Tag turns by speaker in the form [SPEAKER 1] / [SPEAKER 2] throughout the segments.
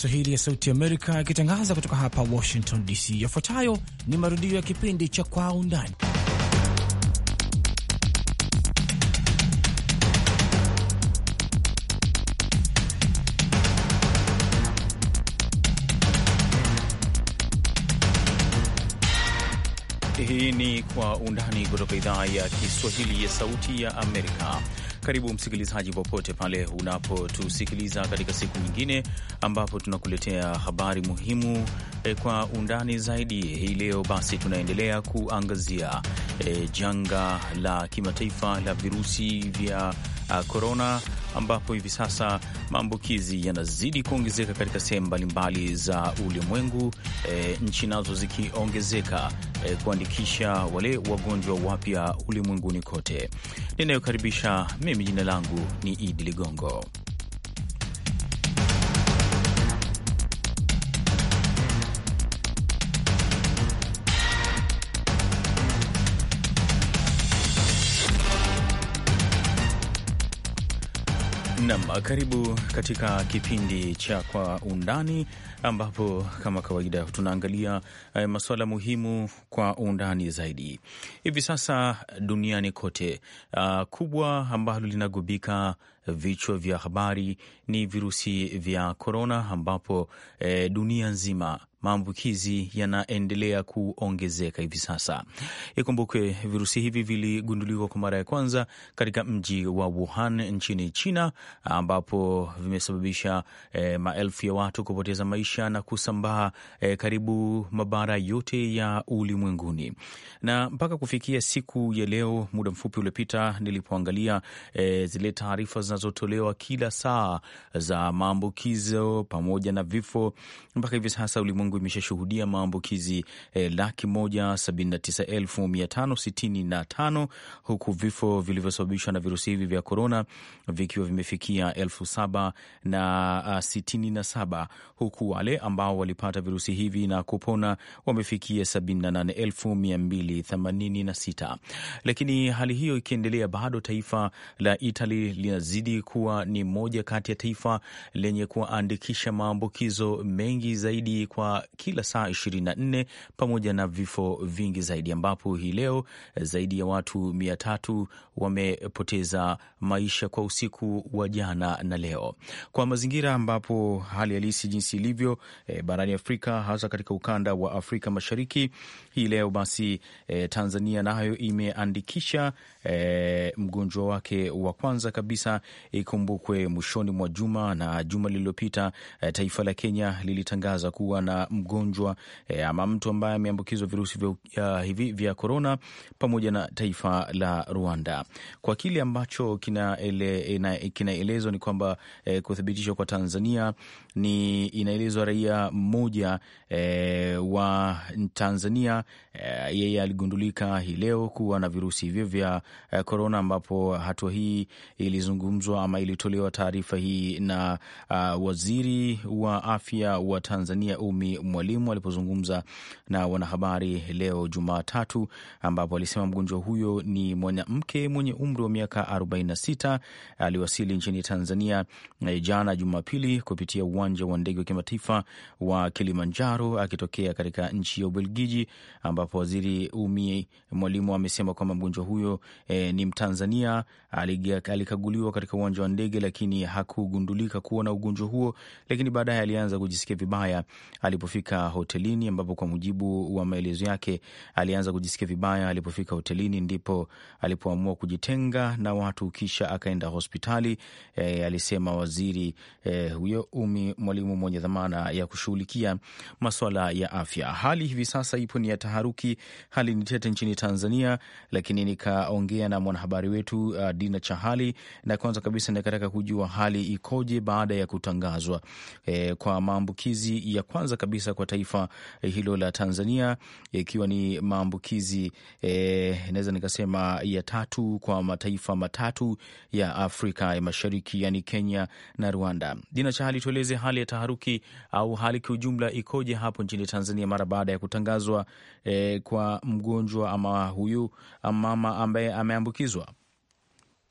[SPEAKER 1] Swahili ya Sauti Amerika ikitangaza kutoka hapa Washington DC. Yafuatayo ni marudio ya kipindi cha Kwa Undani. Hii ni Kwa Undani kutoka idhaa ya Kiswahili ya Sauti ya Amerika. Karibu msikilizaji, popote pale unapotusikiliza katika siku nyingine ambapo tunakuletea habari muhimu e, kwa undani zaidi. Hii leo basi tunaendelea kuangazia e, janga la kimataifa la virusi vya korona ah, ambapo hivi sasa maambukizi yanazidi kuongezeka katika sehemu mbalimbali za ulimwengu, e, nchi nazo zikiongezeka e, kuandikisha wale wagonjwa wapya ulimwenguni kote. Ninayokaribisha mimi, jina langu ni Idi Ligongo. Nam, karibu katika kipindi cha Kwa Undani, ambapo kama kawaida tunaangalia eh, masuala muhimu kwa undani zaidi. Hivi sasa duniani kote, uh, kubwa ambalo linagubika vichwa vya habari ni virusi vya korona, ambapo eh, dunia nzima maambukizi yanaendelea kuongezeka hivi sasa. Ikumbukwe virusi hivi viligunduliwa kwa mara ya kwanza katika mji wa Wuhan nchini China, ambapo vimesababisha e, maelfu ya watu kupoteza maisha na kusambaa e, karibu mabara yote ya ulimwenguni. Na mpaka kufikia siku ya leo, muda mfupi uliopita, nilipoangalia e, zile taarifa zinazotolewa kila saa za maambukizo pamoja na vifo, mpaka hivi sasa ulimwengu Tangu imeshashuhudia maambukizi eh, laki moja sabini na tisa elfu mia tano sitini na tano huku vifo vilivyosababishwa na virusi hivi vya korona vikiwa vimefikia elfu saba na ah, sitini na saba huku wale ambao walipata virusi hivi na kupona wamefikia sabini na nane elfu mia mbili themanini na sita Lakini hali hiyo ikiendelea, bado taifa la Itali linazidi kuwa ni moja kati ya taifa lenye kuwaandikisha maambukizo mengi zaidi kwa kila saa 24 pamoja na vifo vingi zaidi, ambapo hii leo eh, zaidi ya watu mia tatu wamepoteza maisha kwa usiku wa jana na leo. Kwa mazingira ambapo hali halisi jinsi ilivyo e, barani Afrika hasa katika ukanda wa Afrika Mashariki hii leo basi, e, Tanzania nayo na imeandikisha e, mgonjwa wake wa kwanza kabisa. Ikumbukwe mwishoni mwa juma na juma lililopita, e, taifa la Kenya lilitangaza kuwa na mgonjwa eh, ama mtu ambaye ameambukizwa virusi vya, uh, hivi vya korona pamoja na taifa la Rwanda. Kwa kile ambacho e, kinaelezwa ele, kina ni kwamba eh, kuthibitishwa kwa Tanzania ni inaelezwa raia mmoja eh, wa Tanzania eh, yeye aligundulika hii leo kuwa na virusi hivyo vya korona e, ambapo hatua hii ilizungumzwa ama ilitolewa taarifa hii na uh, waziri wa afya wa Tanzania Umi Mwalimu alipozungumza na wanahabari leo Jumatatu, ambapo alisema mgonjwa huyo ni mwanamke mwenye umri wa miaka 46. Aliwasili nchini Tanzania eh, jana Jumapili kupitia uwanja wa ndege wa kimataifa wa Kilimanjaro akitokea katika nchi ya Ubelgiji, ambapo waziri Umi Mwalimu amesema kwamba mgonjwa huyo e, ni Mtanzania. Alikaguliwa katika uwanja wa ndege, lakini hakugundulika kuwa na ugonjwa huo, lakini baadaye alianza kujisikia vibaya alipo alipofika hotelini, ambapo kwa mujibu wa maelezo yake alianza kujisikia vibaya. Alipofika hotelini ndipo alipoamua kujitenga na watu, kisha akaenda hospitali e, alisema waziri e, huyo Umi Mwalimu mwenye dhamana ya kushughulikia masuala ya afya. Hali hivi sasa ipo ni ya taharuki, hali ni tete nchini Tanzania, lakini nikaongea na mwanahabari wetu uh, Dina Chahali na kwanza kabisa nikataka kujua hali ikoje baada ya kutangazwa e, kwa maambukizi ya kwanza kabisa kabisa kwa taifa eh, hilo la Tanzania, ikiwa ni maambukizi eh, naweza nikasema ya tatu kwa mataifa matatu ya Afrika ya eh, Mashariki, yani Kenya na Rwanda. Dina Chahali, tueleze hali ya taharuki au hali kiujumla ikoje hapo nchini Tanzania mara baada ya kutangazwa eh, kwa mgonjwa ama huyu mama ambaye ameambukizwa?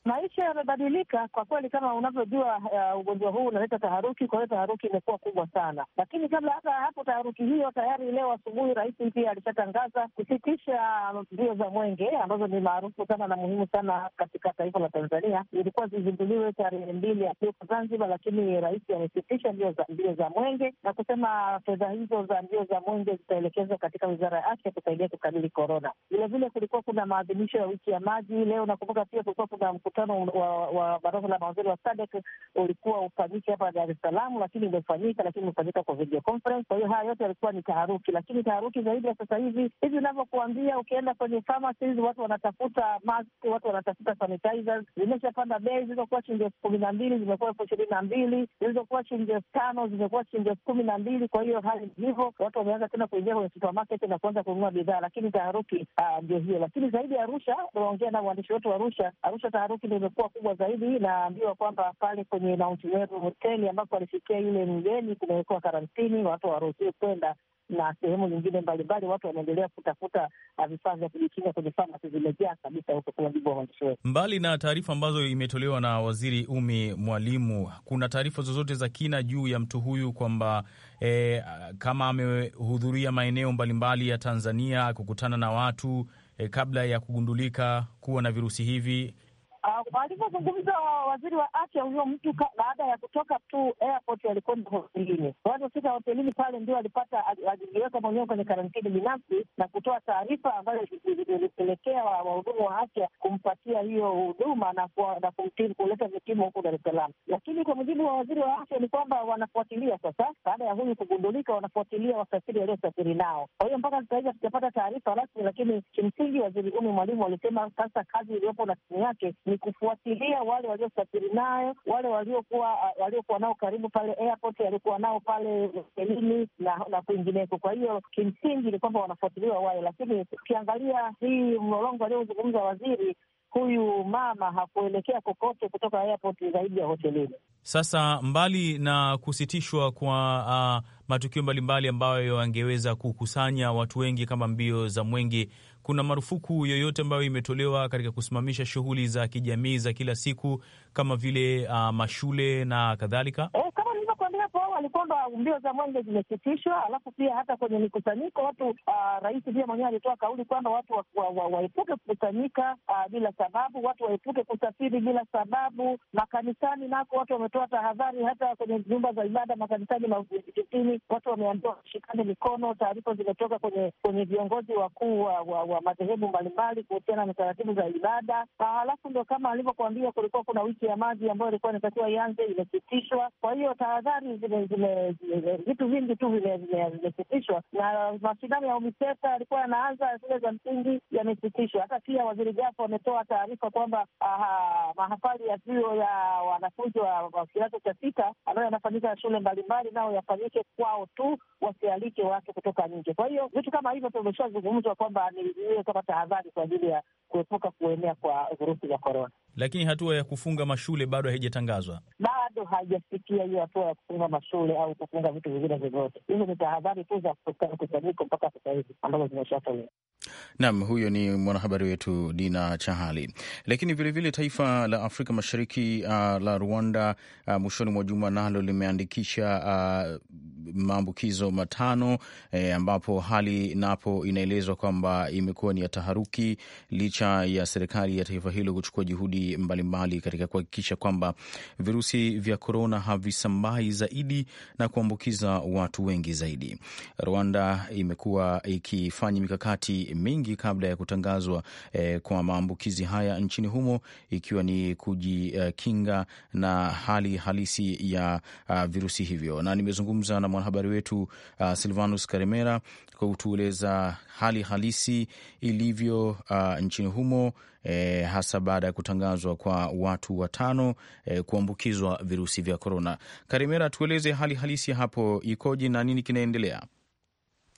[SPEAKER 2] Maisha yamebadilika kwa kweli, kama unavyojua, uh, ugonjwa huu unaleta taharuki. Kwa hiyo taharuki imekuwa kubwa sana, lakini kabla hata hapo taharuki hiyo, tayari leo asubuhi rais pia alishatangaza kusitisha mbio za mwenge ambazo ni maarufu sana na muhimu sana katika taifa la Tanzania. Ilikuwa zizinduliwe tarehe mbili Aprili Zanzibar, lakini rais amesitisha mbio za mbio za mwenge na kusema fedha hizo za mbio za mwenge zitaelekezwa katika wizara ya afya kusaidia kukabili korona. Vilevile kulikuwa kuna maadhimisho ya wiki ya maji leo. Nakumbuka pia kulikuwa kuna mkutano wa, wa baraza la mawaziri wa SADC ulikuwa ufanyike hapa Dar es Salaam, lakini umefanyika, lakini umefanyika kwa video conference. Kwa hiyo haya yote yalikuwa ni taharuki, lakini taharuki zaidi ya sasa hivi hivi unavyokuambia, ukienda kwenye pharmacies watu wanatafuta mask, watu wanatafuta sanitizers. Zimeshapanda bei, zilizokuwa shilingi elfu kumi na mbili zimekuwa elfu ishirini na mbili zilizokuwa shilingi elfu tano zimekuwa shilingi elfu kumi na mbili Kwa hiyo hali hivyo, watu wameanza tena kuingia kwenye supermarket na kuanza kununua bidhaa, lakini taharuki ah, ndio hiyo. Lakini zaidi ya Arusha, tunaongea na waandishi wetu wa Arusha, Arusha taharuki tofauti ndo imekuwa kubwa zaidi. Naambiwa kwamba pale kwenye Mount Meru hoteli ambapo alifikia yule mgeni kumewekewa karantini, watu hawaruhusiwi kwenda na sehemu nyingine mbalimbali, watu wanaendelea kutafuta uh, vifaa vya kujikinga kwenye famasi, zimejaa kabisa huko, kwa mujibu wa waandishi wetu.
[SPEAKER 1] Mbali na taarifa ambazo imetolewa na Waziri Umi Mwalimu, kuna taarifa zozote za kina juu ya mtu huyu kwamba e, kama amehudhuria maeneo mbalimbali ya Tanzania kukutana na watu e, kabla ya kugundulika kuwa na virusi hivi
[SPEAKER 2] Ah, alivyozungumza waziri wa afya huyo mtu, baada ya kutoka tu airport, walikwenda hotelini. Waliofika hotelini pale ndio walipata, alijiweka mwenyewe kwenye karantini binafsi na kutoa taarifa ambayo ilipelekea wahudumu wa afya kumpatia hiyo huduma na kuleta vipimo huku Dar es Salaam. Lakini kwa mujibu wa waziri wa afya ni kwamba wanafuatilia sasa, baada ya huyu kugundulika, wanafuatilia wasafiri waliosafiri nao. Kwa hiyo mpaka sasa hivi hatujapata taarifa rasmi, lakini kimsingi waziri Umi Mwalimu alisema sasa kazi iliyopo na timu yake ni kufuatilia wale waliosafiri nayo, wale waliokuwa uh, waliokuwa nao karibu pale airport, aliokuwa nao pale elini na na kwingineko. Kwa hiyo kimsingi ni kwamba wanafuatiliwa wale, lakini ukiangalia hii mlolongo aliozungumza waziri huyu mama hakuelekea kokote kutoka
[SPEAKER 3] airport zaidi ya hotelini.
[SPEAKER 1] Sasa mbali na kusitishwa kwa uh, matukio mbalimbali ambayo yangeweza kukusanya watu wengi kama mbio za mwenge kuna marufuku yoyote ambayo imetolewa katika kusimamisha shughuli za kijamii za kila siku kama vile uh, mashule na kadhalika?
[SPEAKER 2] Oh, ni kwamba mbio za mwenge zimesitishwa, alafu pia hata kwenye mikusanyiko watu, ah, rais pia mwenyewe alitoa kauli kwamba watu waepuke wa, wa, kukusanyika ah, bila sababu, watu waepuke kusafiri bila sababu. Makanisani nako watu wametoa tahadhari, hata kwenye nyumba za ibada makanisani na vijijini watu wameambiwa washikane mikono. Taarifa zimetoka kwenye kwenye viongozi wakuu wa, wa, wa madhehebu mbalimbali kuhusiana na taratibu za ibada. Ah, alafu ndo kama alivyokuambia, kulikuwa kuna wiki ya maji ambayo ilikuwa inatakiwa ianze, imesitishwa. Kwa hiyo tahadhari zime vitu vingi tu vimesitishwa, na mashindano ya UMISETA yalikuwa yanaanza, shule za msingi yamesitishwa. Hata pia waziri Jafo ametoa taarifa kwamba mahafali ya vio ya wanafunzi wa kidato cha sita ambayo yanafanyika shule mbalimbali, nao yafanyike kwao tu, wasialike watu kutoka nje. Kwa hiyo vitu kama hivyo vimeshazungumzwa kwamba ni kama tahadhari kwa ajili ya kuepuka kuenea kwa virusi vya korona
[SPEAKER 1] lakini hatua ya kufunga mashule bado haijatangazwa,
[SPEAKER 2] bado haijafikia hiyo hatua ya kufunga mashule au kufunga vitu vingine vyovyote. Hizo ni tahadhari tu za kusanyiko mpaka sasa hivi ambazo zimeshatolewa.
[SPEAKER 1] nam huyo ni mwanahabari wetu Dina Chahali. Lakini vilevile vile taifa la Afrika Mashariki uh, la Rwanda uh, mwishoni mwa juma nalo limeandikisha uh, maambukizo matano eh, ambapo hali napo inaelezwa kwamba imekuwa ni ya taharuki licha ya serikali ya taifa hilo kuchukua juhudi mbalimbali katika kuhakikisha kwamba virusi vya korona havisambai zaidi na kuambukiza watu wengi zaidi. Rwanda imekuwa ikifanya mikakati mingi kabla ya kutangazwa eh, kwa maambukizi haya nchini humo, ikiwa ni kujikinga eh, na hali halisi ya uh, virusi hivyo, na nimezungumza na mwanahabari wetu uh, Silvanus karimera kwa kutueleza hali halisi ilivyo uh, nchini humo e, hasa baada ya kutangazwa kwa watu watano e, kuambukizwa virusi vya korona. Karimera, tueleze hali halisi hapo ikoje na nini kinaendelea?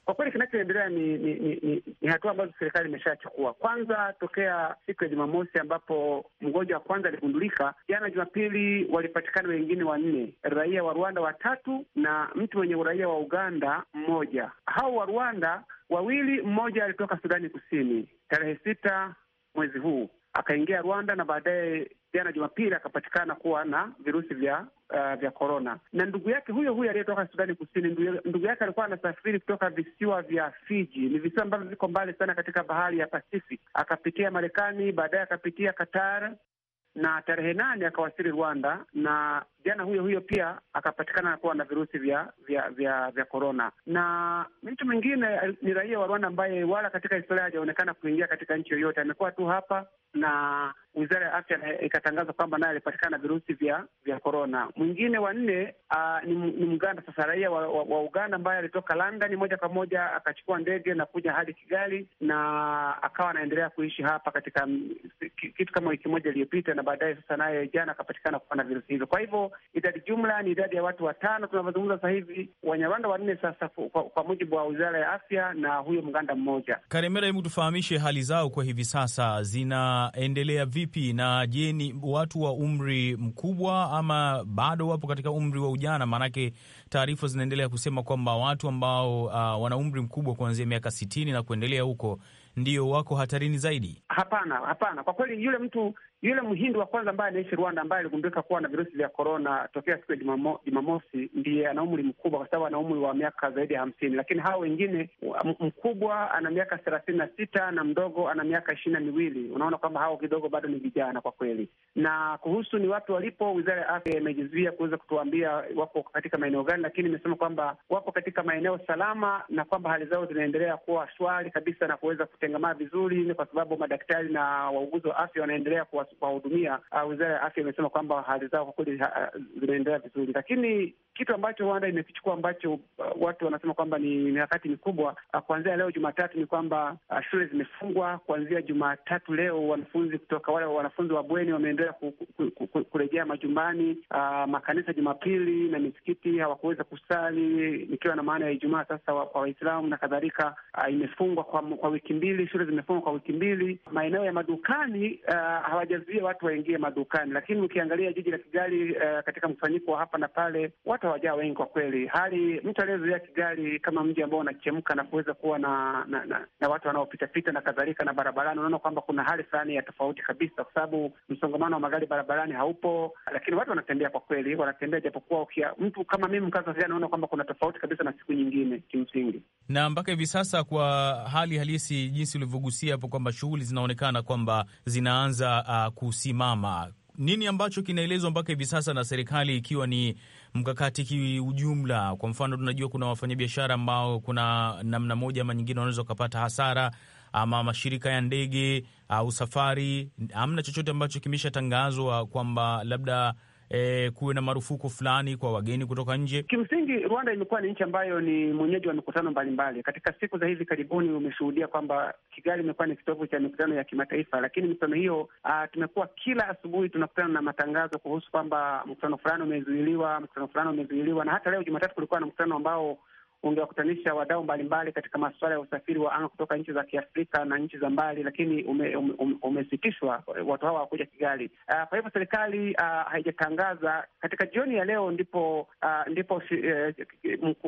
[SPEAKER 4] Kwa kweli kinachoendelea ni ni, ni, ni, ni hatua ambazo serikali imeshachukua. Kwanza tokea siku ya Jumamosi ambapo mgonjwa wa kwanza aligundulika, jana Jumapili walipatikana wengine wanne, raia wa Rwanda watatu na mtu mwenye uraia wa Uganda mmoja. Hao wa Rwanda wawili, mmoja alitoka Sudani Kusini tarehe sita mwezi huu akaingia Rwanda na baadaye jana Jumapili akapatikana kuwa na virusi vya uh, vya korona. Na ndugu yake huyo huyo aliyetoka Sudani Kusini, ndugu, ndugu yake alikuwa anasafiri kutoka visiwa vya Fiji, ni visiwa ambavyo viko mbali sana katika bahari ya Pacific. Akapitia Marekani, baadaye akapitia Qatar na tarehe nane akawasili Rwanda, na jana huyo huyo pia akapatikana kuwa na virusi vya vya vya vya korona. Na mtu mwingine ni raia wa Rwanda ambaye wala katika historia hajaonekana kuingia katika nchi yoyote, amekuwa tu hapa na wizara ya afya ikatangaza kwamba naye alipatikana na virusi vya vya korona. Mwingine wa nne uh, ni, ni Mganda sasa, raia wa, wa, wa Uganda ambaye alitoka London moja kwa moja akachukua ndege na kuja hadi Kigali na akawa anaendelea kuishi hapa katika kitu kama wiki moja iliyopita, na baadaye sasa naye jana akapatikana kuwa na virusi hivyo. Kwa hivyo idadi jumla ni idadi ya watu watano tunavyozungumza sasa hivi, Wanyarwanda wanne sasa, kwa, kwa mujibu wa wizara ya afya na huyo mganda mmoja.
[SPEAKER 1] Karemera, hebu tufahamishe hali zao kwa hivi sasa zinaendelea vipi? Na je, ni watu wa umri mkubwa ama bado wapo katika umri wa ujana? Maanake taarifa zinaendelea kusema kwamba watu ambao uh, wana umri mkubwa kuanzia miaka sitini na kuendelea huko ndio wako hatarini zaidi.
[SPEAKER 4] Hapana, hapana, kwa kweli yule mtu yule mhindi wa kwanza ambaye anaishi Rwanda, ambaye aligundulika kuwa na virusi vya korona tokea siku ya Jumamosi, ndiye ana umri mkubwa, kwa sababu ana umri wa miaka zaidi ya hamsini. Lakini hao wengine, mkubwa ana miaka thelathini na sita na mdogo ana miaka ishirini na miwili. Unaona kwamba hao kidogo bado ni vijana kwa kweli. Na kuhusu ni watu walipo, wizara ya afya imejizuia kuweza kutuambia wako katika maeneo gani, lakini imesema kwamba wapo katika maeneo salama na kwamba hali zao zinaendelea kuwa shwari kabisa na kuweza kutengamaa vizuri, kwa sababu madaktari na wauguzi wa afya wanaendelea kuwa kuwahudumia. Ah, wizara ya afya imesema kwamba hali zao kwa kweli ah, zinaendelea vizuri, lakini kitu ambacho Rwanda imekichukua ambacho uh, watu wanasema kwamba ni mikakati mikubwa. Uh, kuanzia leo Jumatatu ni kwamba uh, shule zimefungwa kuanzia Jumatatu leo. Wanafunzi kutoka wale wanafunzi wa bweni wameendelea kurejea majumbani. Makanisa Jumapili na misikiti hawakuweza kusali, ikiwa na maana ya Ijumaa sasa kwa Waislamu na kadhalika imefungwa kwa, kwa wiki mbili. Shule zimefungwa kwa wiki mbili. Maeneo ya madukani hawajazuia watu waingie madukani, lakini ukiangalia jiji la Kigali katika mkusanyiko wa hapa na pale hata hawajaa wengi kwa kweli. Hali mtu aliyezoea Kigali kama mji ambao unachemka na kuweza kuwa na na, na, na watu wanaopitapita na kadhalika na barabarani, unaona kwamba kuna hali fulani ya tofauti kabisa, kwa sababu msongamano wa magari barabarani haupo, lakini watu wanatembea kwa kweli, wanatembea japokuwa, ukia mtu kama mimi mkaza vijana, unaona kwamba kuna tofauti kabisa na siku nyingine kimsingi.
[SPEAKER 1] Na mpaka hivi sasa kwa hali halisi jinsi ulivyogusia hapo kwamba shughuli zinaonekana kwamba zinaanza uh, kusimama nini ambacho kinaelezwa mpaka hivi sasa na serikali ikiwa ni mkakati kiujumla? Kwa mfano, tunajua kuna wafanyabiashara ambao kuna namna moja ama nyingine wanaweza wakapata hasara ama mashirika ya ndege au safari. Hamna chochote ambacho kimeshatangazwa kwamba labda eh, kuwe na marufuku fulani kwa wageni kutoka nje? Kimsingi,
[SPEAKER 4] Rwanda imekuwa ni nchi ambayo ni mwenyeji wa mikutano mbalimbali. Katika siku za hivi karibuni umeshuhudia kwamba Kigali imekuwa ni kitovu cha mikutano ya kimataifa, lakini mikutano hiyo uh, tumekuwa kila asubuhi tunakutana na matangazo kuhusu kwamba mkutano fulani umezuiliwa, mkutano fulani umezuiliwa, na hata leo Jumatatu kulikuwa na mkutano ambao ungewakutanisha wadau mbalimbali katika masuala ya usafiri wa anga kutoka nchi za Kiafrika na nchi za mbali, lakini ume, ume, ume, umesitishwa. Watu hawa hawakuja Kigali. Uh, kwa hivyo serikali uh, haijatangaza. Katika jioni ya leo ndipo uh, ndipo uh,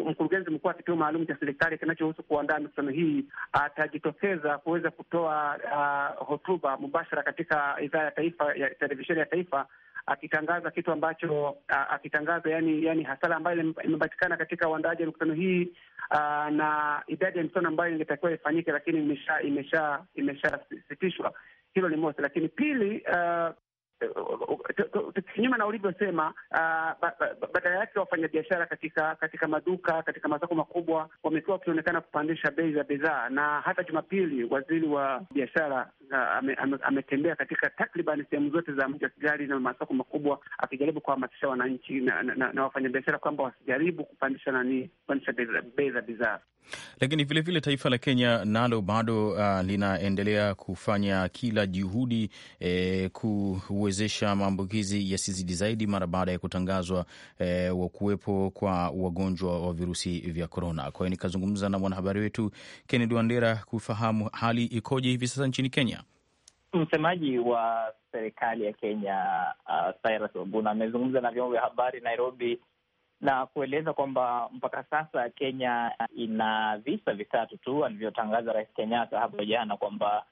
[SPEAKER 4] mkurugenzi mkuu wa kituo maalum cha serikali kinachohusu kuandaa mikutano hii atajitokeza uh, kuweza kutoa uh, hotuba mubashara katika idhaa ya taifa ya televisheni ya taifa akitangaza kitu ambacho akitangaza yani, yani hasara ambayo imepatikana katika uandaaji wa mikutano hii aa, na idadi ya mikutano ambayo ingetakiwa ifanyike, lakini imesha imesha imeshasitishwa. Hilo ni mosi, lakini pili uh, kinyume na ulivyosema, badala yake wafanyabiashara katika katika maduka katika masoko makubwa wamekuwa wakionekana kupandisha bei za bidhaa, na hata Jumapili waziri wa biashara ametembea katika takriban sehemu zote za mji wa Kigali na masoko makubwa, akijaribu kuhamasisha wananchi na, na, na, na wafanyabiashara kwamba wasijaribu kupandisha nani, kupandisha
[SPEAKER 3] bei za bidhaa.
[SPEAKER 1] Lakini vilevile vile taifa la Kenya nalo bado uh, linaendelea kufanya kila juhudi eh, kuwezesha maambukizi yasizidi zaidi mara baada ya kutangazwa eh, wa kuwepo kwa wagonjwa wa virusi vya korona. Kwa hiyo nikazungumza na mwanahabari wetu Kennedy Wandera kufahamu hali ikoje hivi sasa nchini Kenya.
[SPEAKER 5] Msemaji wa serikali ya Kenya uh, Cyrus Oguna amezungumza na vyombo vya habari Nairobi na kueleza kwamba mpaka sasa Kenya ina visa vitatu tu alivyotangaza Rais Kenyatta hapo jana kwamba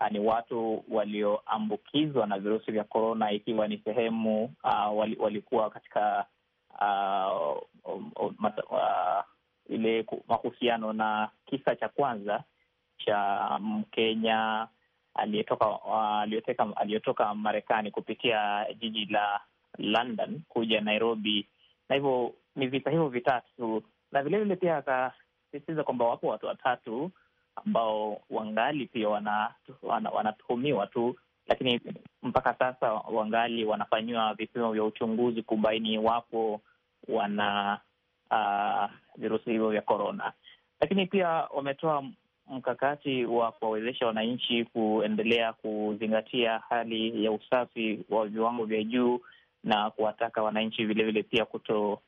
[SPEAKER 5] uh, ni watu walioambukizwa na virusi vya korona, ikiwa ni sehemu uh, wali, walikuwa katika uh, uh, uh, ile mahusiano na kisa cha kwanza cha Mkenya um, aliyetoka aliyoteka aliyotoka Marekani kupitia jiji la London kuja Nairobi, na hivyo ni visa hivyo vitatu, na vilevile pia akasisitiza kwamba wapo watu watatu ambao wangali pia wanatuhumiwa wana, wana tu lakini mpaka sasa wangali wanafanyiwa vipimo vya uchunguzi kubaini iwapo wana uh, virusi hivyo vya korona. Lakini pia wametoa mkakati wa kuwawezesha wananchi kuendelea kuzingatia hali ya usafi wa viwango vya juu na kuwataka wananchi vilevile pia kuto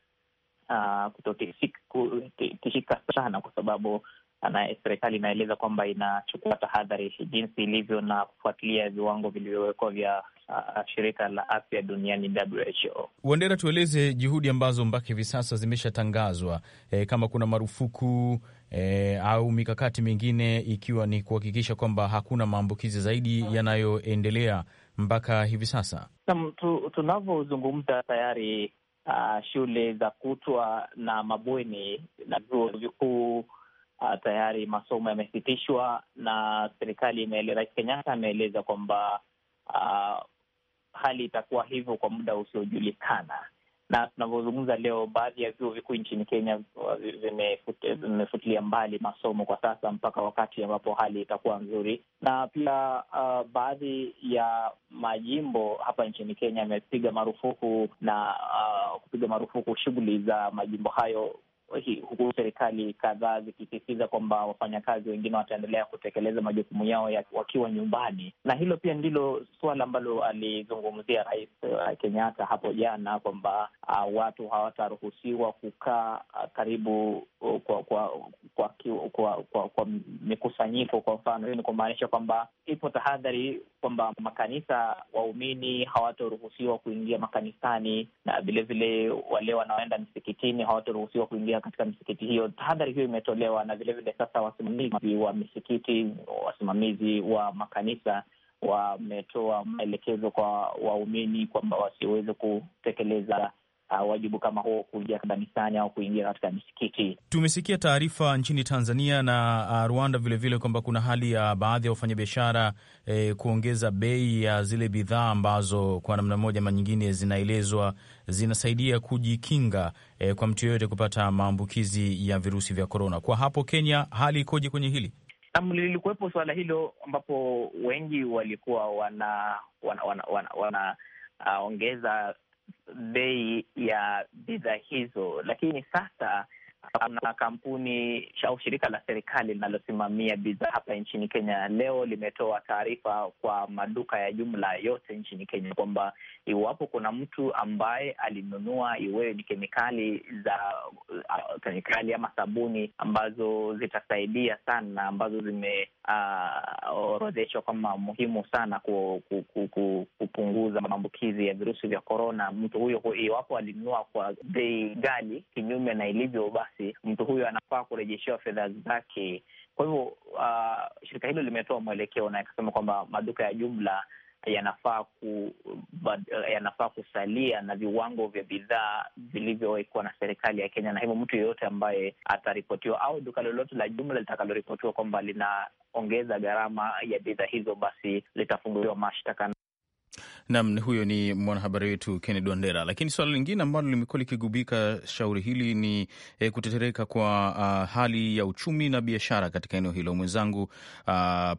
[SPEAKER 5] uh, kutotishika sana, kwa sababu ah, serikali inaeleza kwamba inachukua tahadhari jinsi ilivyo na kufuatilia viwango vilivyowekwa vya uh, shirika la afya duniani WHO.
[SPEAKER 1] Wandera, tueleze juhudi ambazo mpaka hivi sasa zimeshatangazwa, eh, kama kuna marufuku eh, au mikakati mingine ikiwa ni kuhakikisha kwamba hakuna maambukizi zaidi yanayoendelea mpaka hivi sasa.
[SPEAKER 5] tu, tunavyozungumza tayari uh, shule za kutwa na mabweni na vyuo vikuu Uh, tayari masomo yamesitishwa na serikali imeeleza, Rais Kenyatta ameeleza kwamba uh, hali itakuwa hivyo kwa muda usiojulikana. Na tunavyozungumza leo, baadhi ya vyuo vikuu nchini Kenya uh, vimefutilia mbali masomo kwa sasa mpaka wakati ambapo hali itakuwa nzuri, na pia uh, baadhi ya majimbo hapa nchini Kenya yamepiga marufuku na uh, kupiga marufuku shughuli za majimbo hayo huku serikali kadhaa zikisisitiza kwamba wafanyakazi wengine wataendelea kutekeleza majukumu yao ya wakiwa nyumbani, na hilo pia ndilo suala ambalo alizungumzia Rais uh, Kenyatta hapo jana kwamba uh, watu hawataruhusiwa kukaa uh, karibu uh, kwa, kwa kwa kwa kwa, kwa mikusanyiko kwa mfano. Hiyo ni kumaanisha kwamba ipo tahadhari kwamba makanisa, waumini hawatoruhusiwa kuingia makanisani, na vilevile wale wanaoenda misikitini hawatoruhusiwa kuingia katika misikiti hiyo. Tahadhari hiyo imetolewa, na vilevile vile sasa wasimamizi wa misikiti, wasimamizi wa makanisa wametoa maelekezo kwa waumini kwamba wasiweze kutekeleza uh, wajibu kama huo kuingia kanisani au kuingia katika misikiti.
[SPEAKER 1] Tumesikia taarifa nchini Tanzania na uh, Rwanda vilevile kwamba kuna hali ya baadhi ya wafanyabiashara eh, kuongeza bei ya zile bidhaa ambazo kwa namna moja ama nyingine zinaelezwa zinasaidia kujikinga eh, kwa mtu yeyote kupata maambukizi ya virusi vya korona. Kwa hapo Kenya, hali ikoje kwenye hili?
[SPEAKER 5] Lilikuwepo suala hilo ambapo wengi walikuwa wana wana wana, wana, wana, uh, bei ya bidhaa hizo, lakini sasa kuna kampuni au shirika la serikali linalosimamia bidhaa hapa nchini Kenya leo limetoa taarifa kwa maduka ya jumla yote nchini Kenya kwamba iwapo kuna mtu ambaye alinunua iwewe ni kemikali za uh, kemikali ama sabuni ambazo zitasaidia sana ambazo zimeorodheshwa uh, kama muhimu sana ku, ku, ku, ku, kupunguza maambukizi ya virusi vya korona, mtu huyo iwapo alinunua kwa bei ghali kinyume na ilivyo basi basi mtu huyo anafaa kurejeshewa fedha zake. Kwa hivyo uh, shirika hilo limetoa mwelekeo na ikasema kwamba maduka ya jumla yanafaa ku, uh, yanafaa kusalia na viwango vya bidhaa vilivyowekwa na serikali ya Kenya, na hivyo mtu yeyote ambaye ataripotiwa au duka lolote la jumla litakaloripotiwa kwamba linaongeza gharama ya bidhaa hizo, basi litafunguliwa mashtaka.
[SPEAKER 1] Nam, huyo ni mwanahabari wetu Kennedy Wandera. Lakini suala lingine ambalo limekuwa likigubika shauri hili ni eh, kutetereka kwa uh, hali ya uchumi na biashara katika eneo hilo. Mwenzangu uh,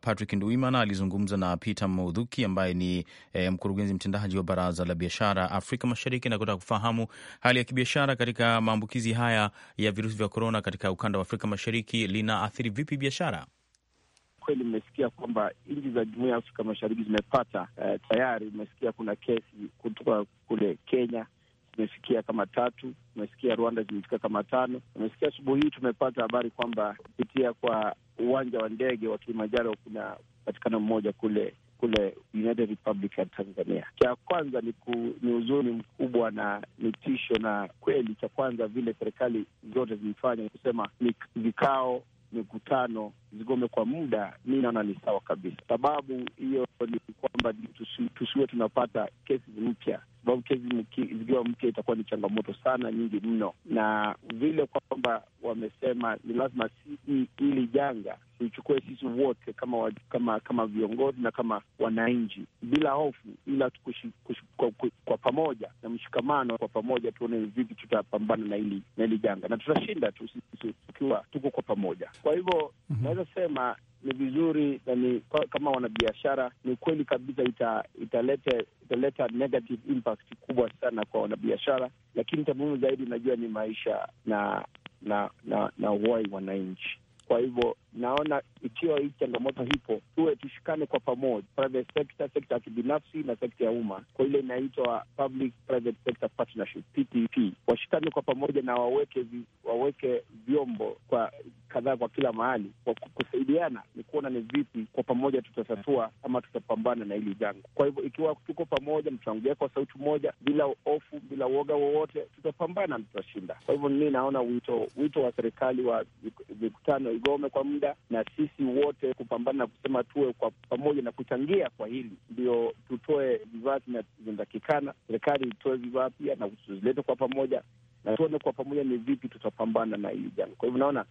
[SPEAKER 1] Patrick Nduimana alizungumza na Peter Maudhuki ambaye ni eh, mkurugenzi mtendaji wa Baraza la Biashara Afrika Mashariki na kutaka kufahamu hali ya kibiashara katika maambukizi haya ya virusi vya korona katika ukanda wa Afrika Mashariki linaathiri vipi biashara
[SPEAKER 3] kweli mmesikia kwamba nchi za jumuia ya Afrika Mashariki zimepata uh, tayari. Mmesikia kuna kesi kutoka kule Kenya zimefikia kama tatu, umesikia Rwanda zimefika kama tano. Umesikia asubuhi hii tumepata habari kwamba kupitia kwa uwanja wa ndege wa Kilimanjaro kuna patikana mmoja kule kule United Republic ya Tanzania. Cha kwanza ni, ku, ni huzuni mkubwa na ni tisho, na kweli cha kwanza vile serikali zote zimefanya kusema ni vikao mikutano zigome kwa muda, mi naona ni sawa kabisa. Sababu hiyo ni kwamba tusiwe tunapata kesi mpya sababu kesi zikiwa mpya itakuwa ni changamoto sana nyingi mno, na vile kwamba wamesema ni lazima si ili janga tuichukue sisi wote kama wa, kama kama viongozi na kama wananchi bila hofu, ila kushi, kushi, kwa, kwa pamoja na mshikamano, kwa pamoja tuone vipi tutapambana na hili na hili janga, na tutashinda tu sisi tukiwa tuko kwa pamoja. Kwa hivyo mm -hmm. naweza sema ni vizuri na ni kama wanabiashara, ni kweli kabisa italeta ita italeta negative impact kubwa sana kwa wanabiashara, lakini tamuhimu zaidi najua ni maisha na na na, na uhai wananchi. Kwa hivyo naona ikiwa hii changamoto hipo, tuwe tushikane kwa pamoja, private sector, sekta ya kibinafsi na sekta ya umma, kwa ile inaitwa public private sector partnership PPP, washikane kwa pamoja na waweke vi, waweke vyombo kwa kadhaa kwa kila mahali, kwa kusaidiana ni kuona ni vipi kwa pamoja tutatatua ama tutapambana na hili janga. Kwa hivyo ikiwa tuko pamoja, mtaongea kwa sauti moja, bila hofu, bila uoga wowote, tutapambana, tutashinda. Kwa hivyo mi naona wito wito wa serikali wa mikutano igome kwa muda, na sisi wote kupambana na kusema tuwe kwa pamoja na kuchangia kwa hili, ndio tutoe vifaa zinatakikana, serikali itoe vifaa pia na tuzilete kwa pamoja na tuone kwa pamoja ni vipi tutapambana na hili janga. Kwa hivyo naona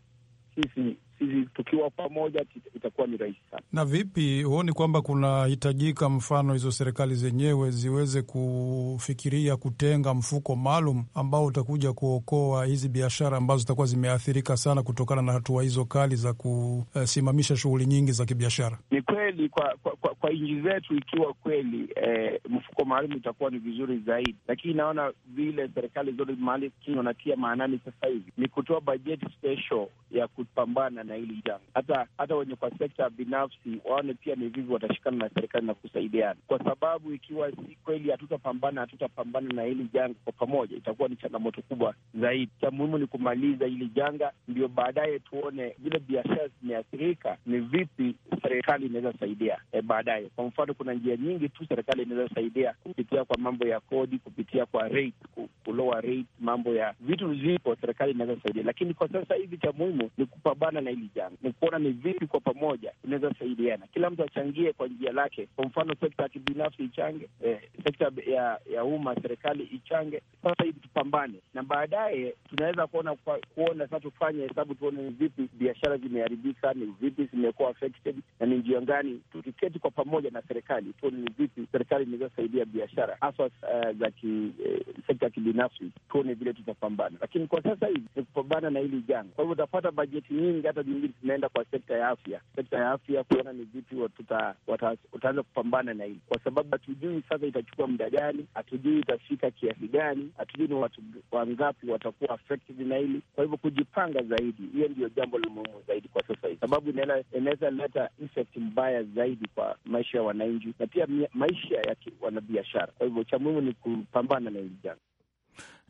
[SPEAKER 3] sisi sisi tukiwa pamoja itakuwa ni rahisi sana.
[SPEAKER 1] Na vipi, huoni kwamba kunahitajika mfano hizo serikali zenyewe ziweze kufikiria kutenga mfuko maalum ambao utakuja kuokoa hizi biashara ambazo zitakuwa zimeathirika sana kutokana na hatua hizo kali za kusimamisha eh, shughuli nyingi za kibiashara?
[SPEAKER 3] Ni kweli kwa, kwa, kwa kwa nchi zetu, ikiwa kweli eh, mfuko maalum itakuwa ni vizuri zaidi, lakini naona vile serikali zote mahali wanatia maanani sasa hivi ni kutoa bajeti special ya kupambana na hili janga Hata hata wenye kwa sekta binafsi waone pia ni vivi watashikana na serikali na kusaidiana, kwa sababu ikiwa si kweli hatutapambana hatutapambana na hili janga kwa pamoja, itakuwa ni changamoto kubwa zaidi. Cha muhimu ni kumaliza hili janga, ndio baadaye tuone vile biashara zimeathirika, ni vipi serikali inaweza saidia e baadaye baadaye. Kwa mfano, kuna njia nyingi tu serikali inazosaidia kupitia kwa mambo ya kodi, kupitia kwa rate, kulowa rate, mambo ya vitu zipo, serikali inazosaidia. Lakini kwa sasa hivi cha muhimu ni kupambana na hili janga, ni kuona ni vipi kwa pamoja unaweza saidiana, kila mtu achangie kwa njia lake. Kwa mfano, sekta ya kibinafsi ichange, eh, sekta ya ya umma, serikali ichange. Sasa hivi tupambane, na baadaye tunaweza kuona kuona sasa, tufanye hesabu tuone ni vipi biashara zimeharibika, ni vipi zimekuwa affected na ni njia gani, tukiketi kwa pamoja pamoja na serikali tuone ni vipi serikali inawezasaidia biashara haswa uh, za ki, eh, sekta ya kibinafsi, tuone vile tutapambana, lakini kwa sasa hivi ni kupambana na hili janga. Kwa hivyo utapata bajeti nyingi, hata nyingine zinaenda kwa sekta ya afya, sekta ya afya kuona ni vipi utaanza kupambana na hili, kwa sababu hatujui sasa itachukua muda gani, hatujui itafika kiasi gani, hatujui ni watu wangapi watakuwa affected na hili. Kwa hivyo kujipanga zaidi, hiyo ndio jambo la muhimu zaidi kwa sasa hivi, sababu inaweza leta effect mbaya zaidi kwa maisha ya wananchi na pia maisha ya wanabiashara. Kwa hivyo cha muhimu ni kupambana na hili janga.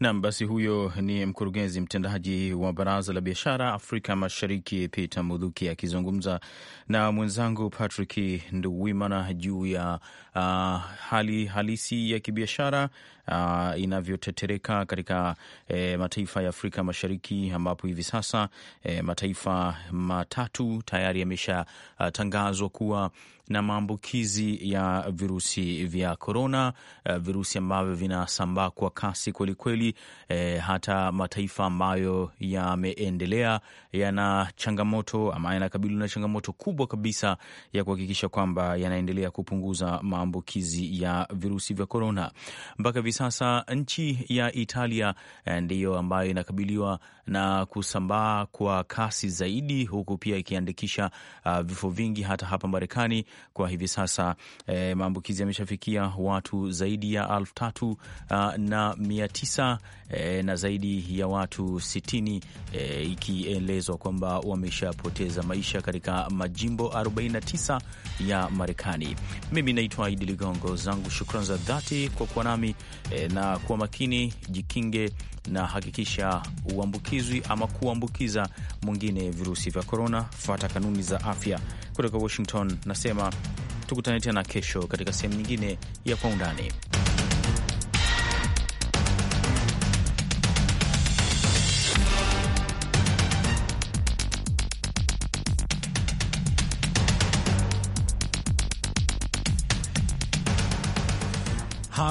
[SPEAKER 1] Nam, basi huyo ni mkurugenzi mtendaji wa Baraza la Biashara Afrika Mashariki Peter Mudhuki akizungumza na mwenzangu Patrick Nduwimana juu ya uh, hali halisi ya kibiashara uh, inavyotetereka katika eh, mataifa ya Afrika Mashariki ambapo hivi sasa eh, mataifa matatu tayari yameshatangazwa ah, uh, kuwa na maambukizi ya virusi vya korona, uh, eh, virusi ambavyo vinasambaa kwa kasi kwelikweli. E, eh, hata mataifa ambayo yameendelea yana changamoto ama yanakabiliwa na changamoto kubwa kabisa ya kuhakikisha kwamba yanaendelea kupunguza maambukizi ya virusi vya korona mpaka hivi sasa nchi ya Italia eh, ndiyo ambayo inakabiliwa na kusambaa kwa kasi zaidi, huku pia ikiandikisha uh, vifo vingi hata hapa Marekani. Kwa hivi sasa eh, maambukizi yameshafikia watu zaidi ya elfu tatu uh, na mia tisa eh, na zaidi ya watu sitini eh, ikielezwa kwamba wameshapoteza maisha katika majimbo 49 ya Marekani. Mimi naitwa Idi Ligongo zangu, shukran za dhati kwa kuwa nami e, na kuwa makini, jikinge na hakikisha uambukizwi ama kuambukiza mwingine virusi vya korona. Fuata kanuni za afya. Kutoka Washington nasema tukutane tena kesho katika sehemu nyingine ya Kwa Undani.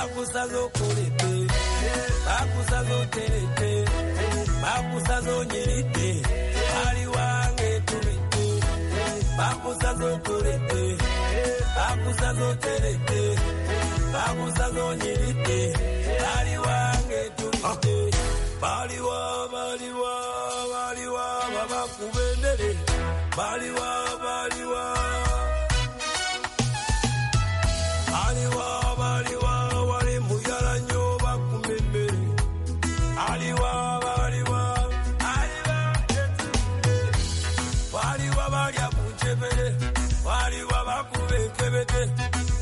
[SPEAKER 6] bakusazokulete bakusazotelete bakusazonyelete ali wange tulete bakusazokulete bakusazotelete bakusazonyelete ali wange tulete baliwa baliwa baliwa babakubendere baliwa baliwa baliwa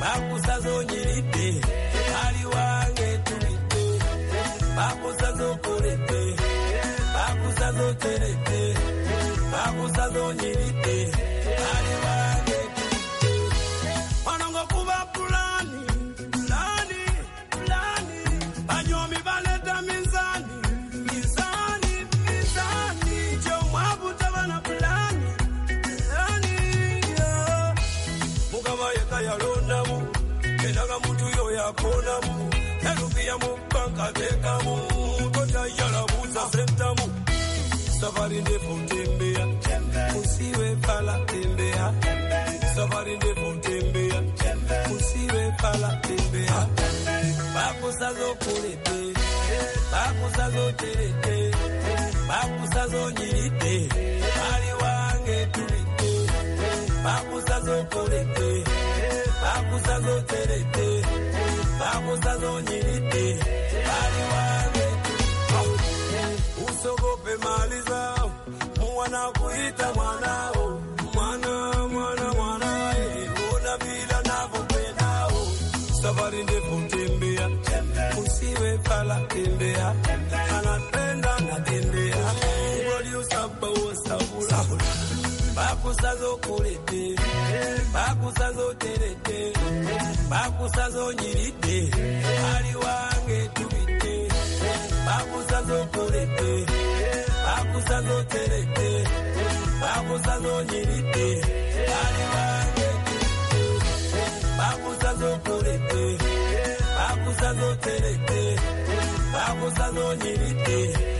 [SPEAKER 6] bakusazo nyirite konamu erubiyamu bankateekamu kotayalabuza sentamu safari ndefu tembea usiwe pala tembea safari ndefu tembea usiwe pala tembea bakusazo kulete bakusazo bakusazo ali wange tulite bakusazo kulete bakusazo Sambusa zonye lite bali wazetu, usogope mali zao, mwana. kuita mwanao, mwana mwana mwana, eh. ona bila navyopendao, safari ndefu tembea, usiwe pala tembea, anapenda natembea, waliosabaosabula bakusazokulete bakusazo terete bakusazo nyirite ali wange tubite bakusazo kulete bakusazo terete bakusazo nyirite ali wange tubite bakusazo kulete bakusazo terete bakusazo nyirite